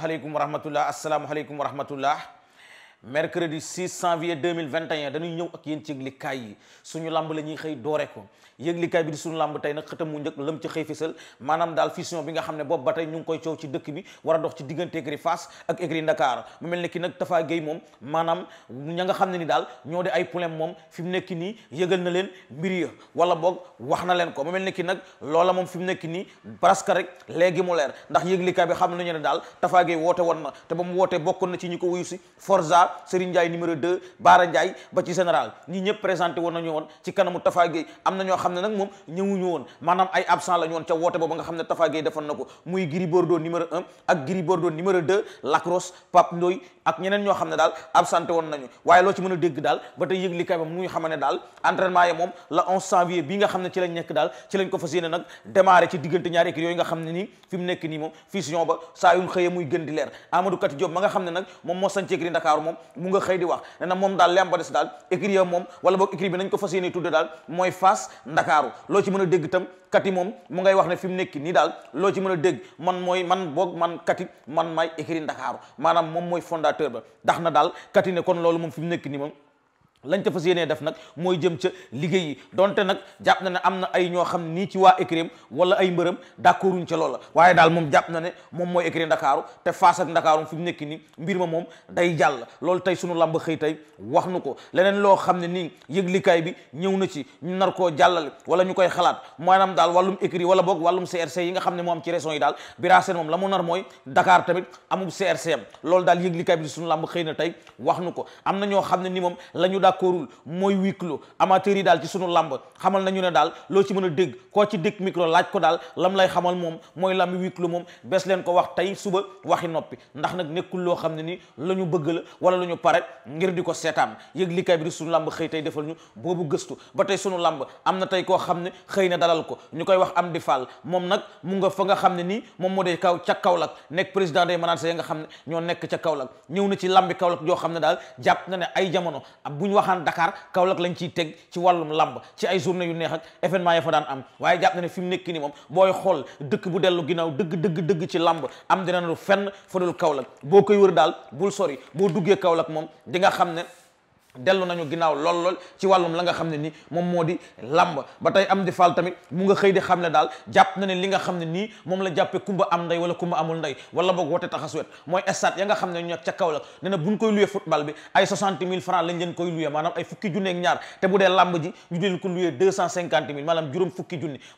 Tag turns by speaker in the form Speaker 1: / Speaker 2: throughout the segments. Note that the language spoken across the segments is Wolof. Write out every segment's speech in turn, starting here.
Speaker 1: asalaamualeykum wa rahmatullah asalaamualeykum wa rahmatullah mercredi 6 janvier 2021 dañuy ñëw ak yéen ci yëglikaay yi suñu làmb la ñuy xëy doore ko yëglikaay bi di suñu lamb tey nag xëtam mu njëkk lëm ci xëy fisal maanaam daal fusion bi nga xam ne boobu ba tey ñu ngi koy coow ci dëkk bi war a dox ci diggante écurie mel ne ki nag Tafa Gueye moom maanaam ña nga xam ne ni daal ñoo de ay problème moom fi mu nekk nii yëgal na leen mbir ya wala boog wax na leen ko mu mel ne ki nag loola moom fi mu nekk nii presque rek léegi mu leer ndax yëglikaay bi xam nañu ne daal Tafa Gueye woote woon na te ba mu wootee bokkoon na ci ñi ko wuyu si Ka Serigne Ndiaye numéro 2 Baara Ndiaye ba ci général ñi ñëpp présenté woon nañu woon ci kanamu Tafa am na ñoo xam ne nag moom ñëwuñu woon maanaam ay absent la woon ca woote a ba nga xam ne nag moom moo sancee Gris Ndakaaru moom mu nga xëy di wax ne na moom daal lemba des daal écrit ya moom wala boog écrit bi nañ ko fas yéene tudde daal mooy Fass Ndakaaru loo ci mën a dégg itam kati moom mu ngay wax ne fi mu nekk nii daal loo ci mën a dégg man mooy man boog man kati man may écrit Ndakaaru maanaam moom mooy fondateur ba dax na daal kati ne kon loolu moom fi mu nekk nii moom lañ te fas yéenee def nag mooy jëm ca liggéey yi donte nag jàpp na ne am na ay ñoo xam nii ci waa écrim wala ay mbërëm d'accorduñ ca loola waaye daal moom jàpp na ne moom mooy écrim ndakaaru te faas ak ndakaaru fi mu nekk nii mbir ma moom day jàll loolu tey sunu làmb xëy tey wax nu ko leneen loo xam ne nii yëglikaay bi ñëw na ci ñu nar koo jàllale wala ñu koy xalaat maanaam daal wàllum écrit wala boog wàllum CRC yi nga xam ne moo ci région yi daal bira seen moom la mu nar mooy Dakar tamit amul CRC am loolu daal yëglikaay bi sunu làmb xëy na tey wax nu ko am na ñoo xam ne ni moom lañu daal d'accordul mooy huis clos amateur yi daal ci sunu lamb xamal nañu ne daal loo ci mën a dégg koo ci dégg micro laaj ko daal lam lay xamal moom mooy lambi huis clos moom bees leen ko wax tey suba waxi noppi ndax nag nekkul loo xam ne ni la ñu bëgg la wala la ñu pare ngir di ko seetaan yëg bi di sunu xëy tey defal ñu boobu gëstu ba tey sunu lamb am na tey koo xam ne xëy na dalal ko ñu koy wax am di fall moom nag mu nga fa nga xam ne nii moom moo dee kaw ca Kaolack nekk président day manaan sa ya nga xam ne ñoo nekk ca Kaolack ñëw na ci lambi Kaolack joo xam ne daal jàpp ay jamono waxaan Dakar Kaolack lañ ciy teg ci wàllum lamb ci ay journée yu neex ak événement ya fa daan am waaye jàpp na ne fi mu nekk ni moom booy xool dëkk bu dellu ginnaaw dëgg dëgg dëgg ci lamb am dina lu fenn fa dul Kaolack boo koy wër daal bul sori boo duggee Kaolack moom di xam ne dellu nañu ginnaaw lool lool ci wàllum la nga xam ne ni moom moo di làmb ba tey am di faal tamit mu nga xëy di xam ne daal jàpp na ne li nga xam ne nii moom la jàppee kumba am ndey wala kumba amul ndey wala boog wote taxas wet mooy stade ya nga xam ne ñoo ca kaw la ne na buñ koy luye football bi ay 60 mille francs lañ leen koy luye maanaam ay fukki junne ak ñaar te bu dee làmb ji ñu deen ko luye 250 mille maanaam juróom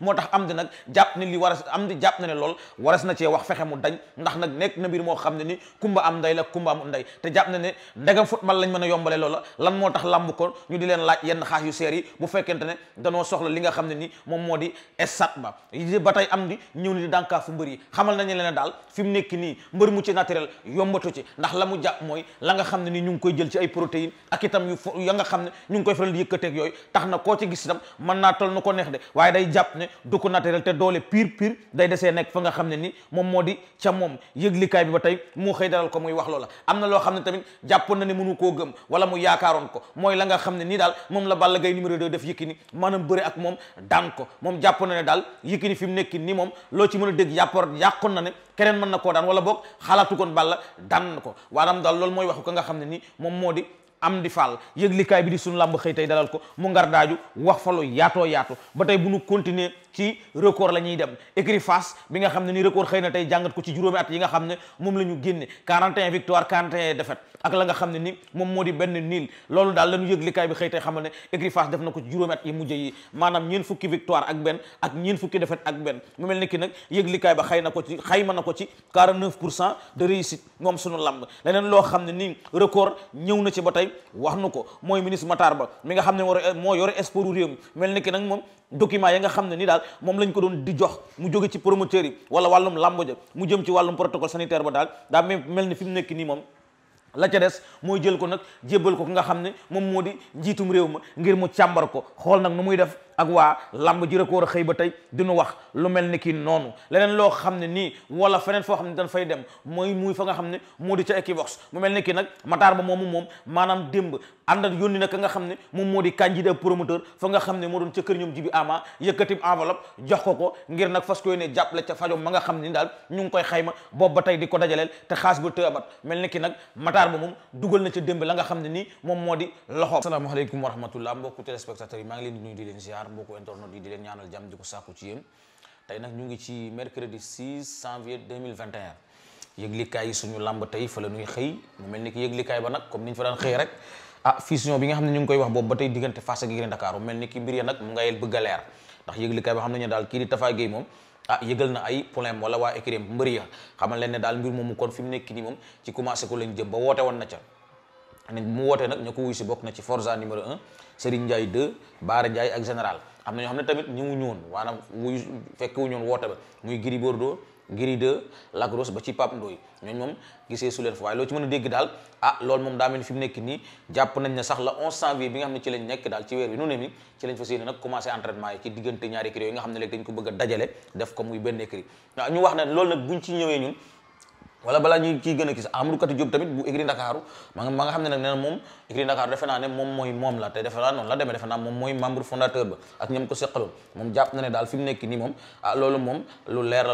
Speaker 1: moo tax am di jàpp ne li waras am di jàpp na lool waras na cee wax fexe mu dañ ndax nag nekk na mbir moo xam ne ni kumba am ndey la kumba amul ndey te jàpp na ne ndegam football lañ mën a yombale loola lan moo tax làmb ko ñu di leen laaj yenn xaas yu seer yi bu fekkente ne danoo soxla li nga xam ne ni moom moo di esat ba ba tey am di ñëw ni di dànkaa fu mbër yi xamal nañu leen daal fi mu nekk nii mbër mu ci naturel yombatu ci ndax la mu jàpp mooy la nga xam ne ni ñu ngi koy jël ci ay protéines ak itam yu ya nga xam ne ñu ngi koy faral di yëkkateeg yooyu tax na koo ci gis itam mën naa tol nu ko neex de waaye day jàpp ne du ko naturel te doole pire pire day desee nekk fa nga xam ne ni moom moo di ca moom yëglikaay bi ba tey moo xëy daral ko muy wax loola am na loo xam ne tamit jàppoon na ne mënu koo gëm wala mu yaakaar yaakaaroon ko mooy la nga xam ne nii daal moom la Balla Gaye numéro 2 def Yékini maanaam bëre ak moom daan ko moom jàpp na ne daal Yékini fi mu nekk nii moom loo ci mën a dégg yàppar yàqoon na ne keneen mën na koo daan wala boog xalaatu koon Balla daan na ko waanaam daal loolu mooy waxu ka nga xam ne nii moom moo di am di fall yëglikaay bi di sunu làmb xëy tey dalal ko mu ngar daaju wax fa lu yaatoo yaatu ba tey bu nu continuer ci record la ñuy dem écrit bi nga xam ne ni record xëy na tey jàngat ko ci juróomi at yi nga xam ne moom la ñu génne 41 victoire 41 défaite ak ne ni moo di benn niil loolu daal la ñu yëglikaay bi xëy tey xamal ne écrit face def na ko ci juróomi at yi mujj yi maanaam ñeen fukki victoire ak benn ak ñeen fukki défaite ak benn mu mel ni ki nag yëglikaay ba xëy na ko ci xayma na ko ci 49 pour cent de réussite moom sunu lamb leneen loo xam ne ni record ñëw na ci ba tey wax nu ko m ministre Matar Ba mi xam ne war moo yore sport réew mi xam ne ni daal daal moom lañ ko doon di jox mu jóge ci promoteur yi wala wàllum làmb ja mu jëm ci wàllum protocole sanitaire ba daal daa mel ni fi mu nekk nii moom la ca des mooy jël ko nag jébbal ko ki nga xam ne moom moo di njiitum réew ma ngir mu càmbar ko xool nag nu muy def waa lamb ji koo war a xëy ba tey duñu wax lu mel ni kii noonu leneen loo xam ne nii wala feneen foo xam ne dañ fay dem mooy muy fa nga xam ne moo di ca Equivox mu mel kii nag Matar ba moomu moom maanaam démb ànd ak na ka nga moom moo di candidat promoteur fa nga xam ne moo doon ca kër ñoom jibi ama yëkkatib enveloppe jox ko ko ngir nag fas ko yéene jàppale ca fajom ma nga xam ni daal ñu ngi koy xayma boobu ba tey di ko dajaleel te xaas ba tëabat mel ni ki nag Matar ba moom dugal na ca démb la nga xam ne nii moom moo di loxo mbokku internautes yi di leen ñaanal jàmm di ko sàkku ci yéen tey nag ñu ngi ci mercredi 6 janvier 2021 yëglikaay yi suñu làmb tey fa la ñuy xëy mu mel ni ki yëglikaay ba nag comme ni ah, nga xam ne ñu ngi koy wax boobu ba tey diggante Fass ak a leer ndax daal kii di moom ah yëgal na ay problème wala waa écrim mbëri ya xamal leen daal mbir moomu kon fi mu nekk nii moom ci commencé ko lañ jëm ba woote woon na ca mu woote nag ñu ko wuy si bokk na ci Forza numéro 1 Serigne Ndiaye 2 Baara Ndiaye ak général am na ñoo xam ne tamit ñu wu ñoon waaye loo ci mën a dégg daal ah loolu moom daa mel ni fi nekk nii jàpp nañ ne sax la 11 janvier bi nga xam ne ci nekk daal ci weer bi nu ne mi ci lañ fas nag commencé entraînement yi ci diggante ñaari écuries yi nga xam ne léegi dañ ko bëgg a dajale def ko muy benn écurie waaw ñu wax ne loolu nag buñ ci ñëwee wala balaa ñuy kii gën a gis Amadou Kati Diop tamit bu écurie Ndakaaru ma nga ma nga xam ne nag nee na moom écurie Ndakaaru defe naa ne moom mooy moom la te defe naa noonu la demee defe naa moom mooy membre fondateur ba ak ñoom ah, lu leer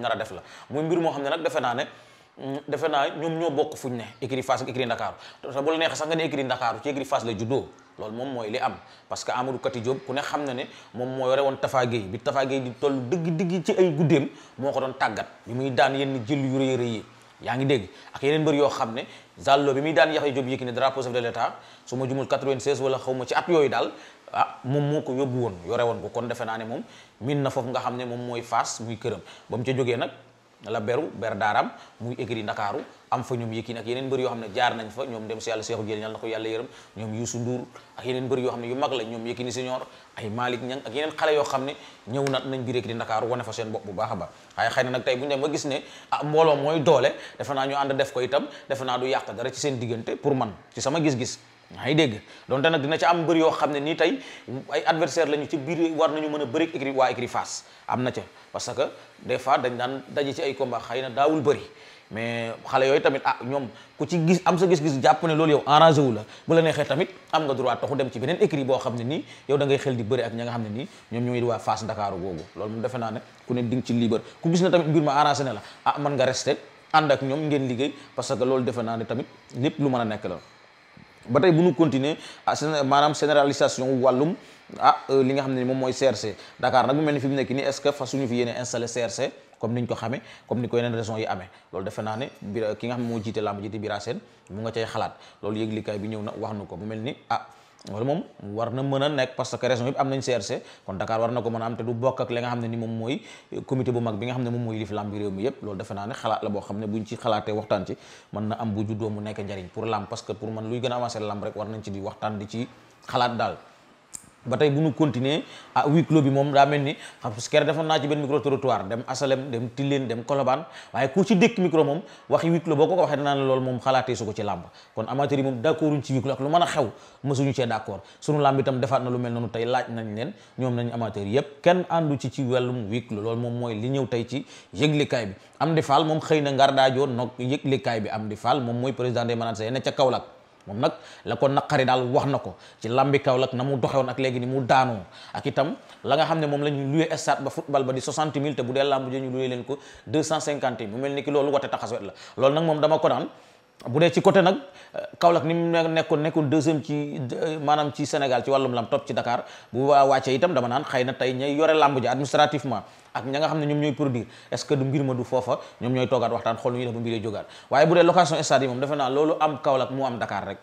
Speaker 1: nar a def la muy mbir moo xam ne nag defe naa mm, ñoom ñoo bokk fuñ ne écurie Fass ak écurie Ndakaaru te bu la neexee sax nga ne écurie Ndakaaru ci écurie Fass la juddoo loolu moom mooy li am parce que Amadou ku ne xam na ne moom moo yore woon Tafa Gueye bi Tafa Gueye di toll dëgg-dëgg ci ay guddeem moo ko doon tàggat bi muy daan yenn jël yu rëy rëy yi yaa ngi dégg ak yeneen mbër yoo xam ne Zallo bi muy daan Yaxya Diop Yékini drapeau chef de l'État su ma jumul 96 wala xaw ma ci at yooyu daal ah moom moo ko yóbbu woon yore woon ko kon defe naa ne moom min na foofu nga xam ne moom mooy Fass muy këram ba mu ca jógee nag la beru ber daaram muy écurie Ndakaaru am fa ñoom Yékini ak yeneen mbër yoo xam ne jaar nañ fa ñoom dem si yàlla Seexu Jël ko yàlla yërëm ñoom Youssou Ndour ak yeneen mbër yoo xam ne yu mag la ñoom Yékini Senior ay Malick Niang ak yeneen yoo xam ne ñëw nat nañ biir écurie Ndakaaru wane fa seen bopp bu baax a baax waaye xëy na nag tey bu ñu dem ba gis ne ah mbooloo mooy doole defe naa ñu ànd def ko itam defe naa du yàq dara ci seen diggante pour man ci sama gis-gis maa ngi dégg donte nag dina ci am mbër yoo xam ne nii tey ay adversaire lañu ci biir war nañu mën a bëri écrit waa écrit face am na ca parce que des fois dañ daan daje ci ay combat xay na daawul bëri mais xale yooy tamit ah ñoom ku ci gis am sa gis-gis jàpp ne loolu yow arrangé wu neexee tamit am nga droit taxu dem ci beneen écrit boo xam ne nii yow da ngay di bëri ak ña nga xam ne nii ñoom ñooy waa face Dakar googu loolu moom defe naa ne ku ne di nga ci libre ku gis ne tamit mbir ma arrangé ne la ah mën nga rester ànd ak ñoom ngeen liggéey parce que loolu defe naa ne tamit lépp lu mën a nekk la ba tey bu ñu continuer ah, maanaam généralisation wàllum ah euh, li nga xam ne moom mooy CRC Dakar nag mu mel ni fi mu nekk nii est-ce que fasuñu fi yéene installé CRC comme niñ ko xamee comme ni ko yeneen raison yi amee loolu defe naa ne bi ki nga xam ne moo jiite làmb jiite Bira Sène mu nga cay xalaat loolu yëglikaay bi ñëw na wax nu ko mu mel ni a ah, loolu moom war na mën a nekk parce que région yëpp am nañ CRC kon Dakar war na ko mën a am te du bokk ak li nga xam ne ni moom mooy comité bu mag bi nga xam ne moom mooy lif làmb réew mi yëpp loolu defe naa ne xalaat la boo xam ne buñ ci xalaatee waxtaan ci mën na am bu juddoo mu nekk njariñ pour làmb parce pour man luy gën a avancer làmb rek war nañ ci di waxtaan di ci xalaat daal ba tey bu ñu continuer a ah, huis bi moom daa mel ni xam parce que keroog defoon naa ci benn micro trottoir dem asalem dem tilleen dem kolobaan waaye ku ci dëkk micro moom waxi huis clos boo ko ko waxee danaa lool moom xalaatee su ko ci làmb kon amateur yi moom d'accorduñ ci huis clos lu mën a xew mësuñu cee d'accord sunu làmb itam defaat na lu mel noonu tey laaj nañ leen ñoom nañ amateur yépp kenn àndu ci ci wàllum huis lool moom mooy li ñëw tey ci yëglikaay bi am di faal moom xëy na ngar daajoo noog yëglikaay bi am di faal moom mooy président des managers ne ca Kaolack moom nag la ko naqari daal wax na ko ci làmbi Kaolack na mu doxewoon ak léegi ni mu daanoo ak itam la nga xam ne moom la ñu luye stade ba football ba di soixante mille te bu dee làmb ñu luye leen ko deux cent cinquante mu mel ni ki loolu wate taxaswet la loolu nag moom dama ko bu dee ci côté nag euh, Kaolack ni mu nekkoon nekkoon deuxième ci euh, maanaam ci Sénégal ci wàllum lam topp ci Dakar bu wàccee itam dama naan xay na tey ñay yore làmb ji administrativement ak ña nga xam ne ñoom ñooy produire est-ce que du mbir ma du foofa ñoom ñooy toogaat waxtaan xool nu ñuy def ba mbir yi jógaat waaye bu dee location stade moom defe naa loolu am Kaolack mu am Dakar rek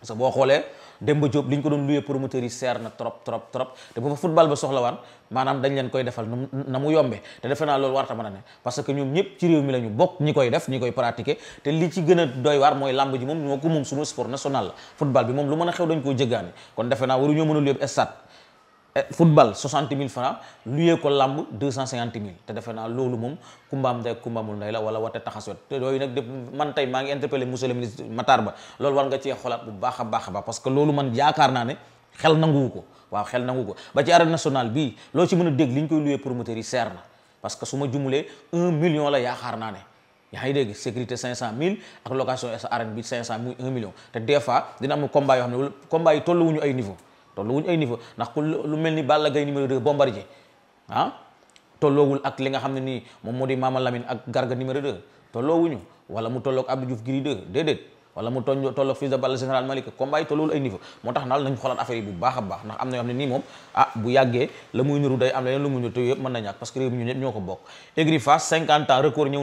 Speaker 1: parce que boo xoolee Demba Diop li ñu ko doon loué promoteur yi seer na trop trop trop te bu fa football ba soxlawaan maanaam dañ leen koy defal na mu yombee te defe naa loolu warta mën a ne parce que ñoom ñëpp ci réew mi la ñu bokk ñi koy def ñi koy pratiquer te li ci gën a doy waar mooy làmb ji moom ñoo ko moom sunu sport national la football bi moom lu mën a xew dañ koo jëggaani kon defe naa waru ñoo mën a loué stade Eh, football soixante mille francs luyee ko làmb deux cent cinquante mille te defe naa loolu moom kumbaam ndey kumbaamul ndey la wala wate taxas wet te yooyu nag man tey maa ngi interpellé monsieur le ministre Matar Ba loolu war nga cee xolaat bu baax baax a baax parce que loolu man yaakaar naa ne xel nanguwu ko waaw xel nanguwu ko ba ci arène nationale bii loo ci mën a dégg li ñu koy luyee promoteurs yi seer na parce que su ma jumulee un million la yaakaar naa ne yaa ngi dégg sécurité cinq cent mille ak location sa arène bi cinq fois dina am combat yoo ay niveau tolluwuñ ay niveau ndax ku lu mel ni Balla Gaye numéro 2 Bombardier ah tolloowul ak li nga xam ne nii moom moo di Mama Lamine ak Garga numéro 2 tolloowuñu wala mu tolloog Abdou Diouf Gris 2 mu toñ tolloog Fils de Balla général Malick combat yi tolloowul ay niveau moo tax naal nañ xoolaat affaire yi bu baax a baax ndax am na yoo xam ne nii moom ah bu yàggee la muy niru day am leneen lu mu niru te yëpp mën na ñàkk parce réew ñu ñëpp ñoo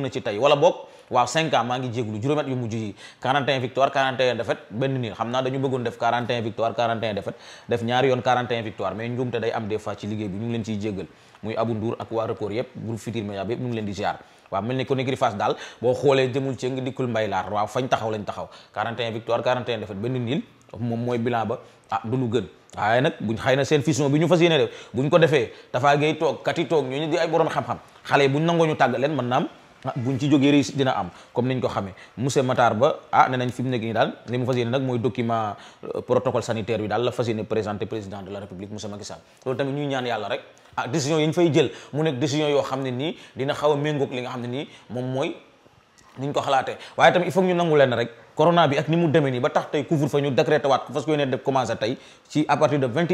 Speaker 1: na ci tey wala bokk waaw cinq ans maa ngi jéeglu juróomet yu mujj yi 41 victoire 41 défaite benn nii xam naa dañu bëggoon def 41 victoire 41 défaite def ñaari yoon 41 victoire mais njuumte day am des fois ci liggéey bi ñu leen ciy jéggal muy Abou Ndour ak waa record yëpp groupe Futurs Médias bi yëpp ñu leen di ziar waaw mel ni ko nekk face daal boo xoolee jëmul ci nga dikkul mbay laar waaw fañ taxaw lañ taxaw 41 victoire 41 défaite benn ah, na Ah, buñ ci jógee réussite dina am comme niñ ko xamee monsieur Matar Ba ah ne nañ fi mu nekk nii daal li mu fas yéene nag mooy document euh, protocole sanitaire bi daal la fas yéene présenté président de la république monsieur Macky Sall loolu tamit ñuy ñaan yàlla rek ah décision yi ñu fay jël mu nekk décision yoo xam ne nii dina xaw a méngoog li nga xam ne nii moom mooy niñ ko xalaate waaye tamit i faut ñu nangu leen rek corona bi ak ni mu demee nii ba tax tey couvre fa ñu décrété waat ko fas yéene tey ci à partir de vingt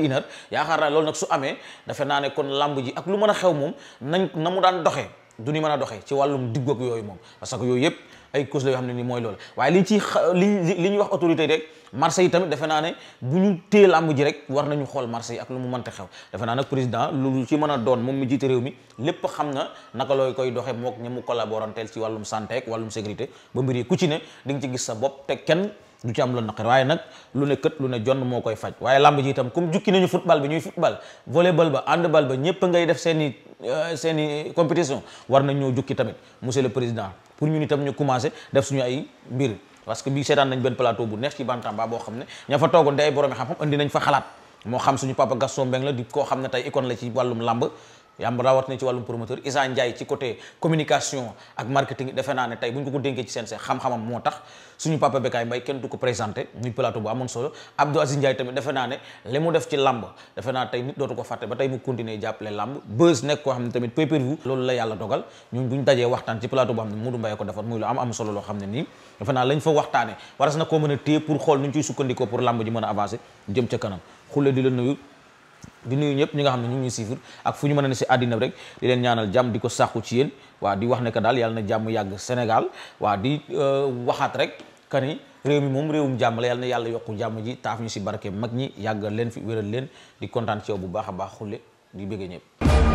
Speaker 1: yaakaar naa loolu nag su amee defe naa ne kon lamb ji ak lu mën a xew moom nañ na mu daan doxee du ñu mën a doxee ci wàllum diggoog yooyu moom parce que yooyu yëpp ay cause la yoo xam ne ni mooy loolu waaye liñ ci li li ñuy wax autorité yi rek marché yi tamit defe naa ne bu ñu téye làmb ji rek war nañu xool marché yi ak lu mu te xew defe naa nag président lu ci mën a doon moom mi jiite réew mi lépp xam na naka looy koy doxee moo ñi mu collaboranteel ci wàllum santé ak wàllum sécurité ba mbir yi ku ci ne di ci gis sa bopp te kenn du ci am lu naqar waaye nag lu ne kët lu ne jonn moo koy faj waaye lamb ji itam comme jukki nañu football bi ñuy football volleyball ba handball ba ñëpp ngay def seen i euh, seen i compétition war nañ ñoo jukki tamit monsieur le président pour ñun itam ñu commencé def ñu ay mbir parce que bii seetaan nañ benn plateau bu neex ci bantamba boo xam ne ña fa toogoon di ay borom xam-xam andi nañ fa xalaat moo xam suñu papa Gaston Mbengue la di koo xam ne tey icône la yam rawat na ci wàllum promoteur Issa Ndiaye ci côté communication ak marketing defe naa ne tey bu ñu ko ko dénkee ci seen seen xam-xamam moo tax suñu papa Bekaay kenn du ko présenté muy plateau bu amoon solo Abdou Aziz Ndiaye tamit defe naa ne li mu def ci lamb defe naa tey nit dootu ko fàtte ba tey mu continuer jàppale lamb buzz nekk koo xam ne tamit pay loolu la yàlla dogal ñun ñu dajee waxtaan ci plateau bu xam ne Modou Mbaye ko a a avancer jëm ca kanam xulle di di nuyu ñëpp ñi nga xam ne ñu ngi ñuy suivre ak fu ñu mën a ne si àddina rek di leen ñaanal jàmm di ko sàkku ci yéen waa di wax ne que daal yàlla na jàmm yàgg Sénégal waa di euh, waxaat rek que ni réew mi moom réewum jàmm la yàlla na yàlla yokku jàmm ji taaf ñu si barke mag ñi yàggal leen fi wéral leen di kontaan ci bu baax a baax xulle di bëgg ñëpp